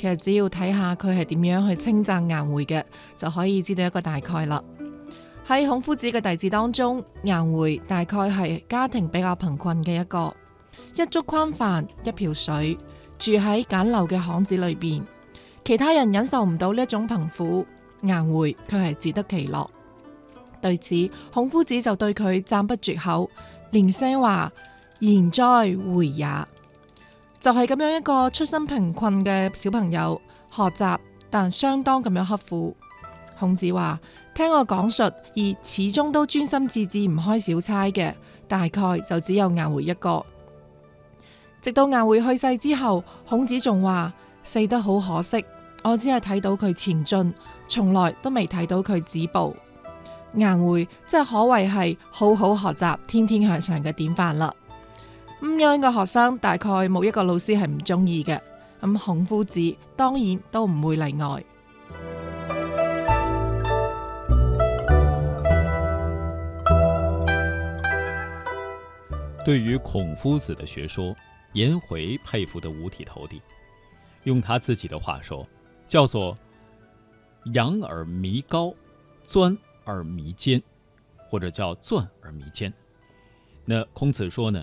其實只要睇下佢係點樣去稱讚顏回嘅，就可以知道一個大概啦。喺孔夫子嘅弟子當中，顏回大概係家庭比較貧困嘅一個，一竹筐飯，一瓢水，住喺簡陋嘅巷子裏邊。其他人忍受唔到呢一種貧苦，顏回卻係自得其樂。對此，孔夫子就對佢讚不絕口，連聲話賢哉，回也。就係咁樣一個出身貧困嘅小朋友學習，但相當咁樣刻苦。孔子話：聽我講述而始終都專心致志唔開小差嘅，大概就只有顏回一個。直到顏回去世之後，孔子仲話：死得好可惜，我只係睇到佢前進，從來都未睇到佢止步。顏回真係可謂係好好學習、天天向上嘅典範啦。咁樣嘅學生，大概冇一個老師係唔中意嘅。咁孔夫子當然都唔會例外。對於孔夫子的學說，顏回佩服得五體投地。用他自己的話說，叫做仰而彌高，鑽而彌堅，或者叫鑽而彌堅。那孔子說呢？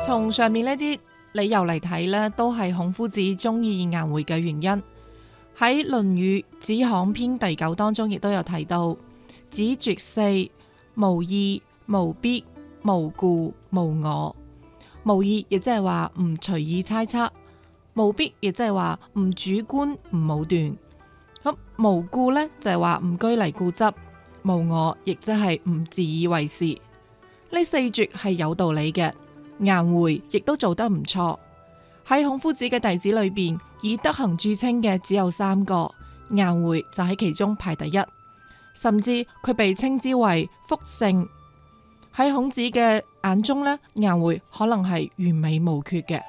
從上面呢啲理由嚟睇呢都係孔夫子中意顏回嘅原因。喺《論語子罕篇》第九當中，亦都有提到子絕四：無意、無必、無故、無我。無意亦即係話唔隨意猜測，無必亦即係話唔主觀唔武斷。咁無故呢，就係話唔拘泥固執，無我亦即係唔自以為是。呢四絕係有道理嘅。顏回亦都做得唔錯，喺孔夫子嘅弟子裏邊，以德行著稱嘅只有三個，顏回就喺其中排第一，甚至佢被稱之為復聖。喺孔子嘅眼中呢，顏回可能係完美無缺嘅。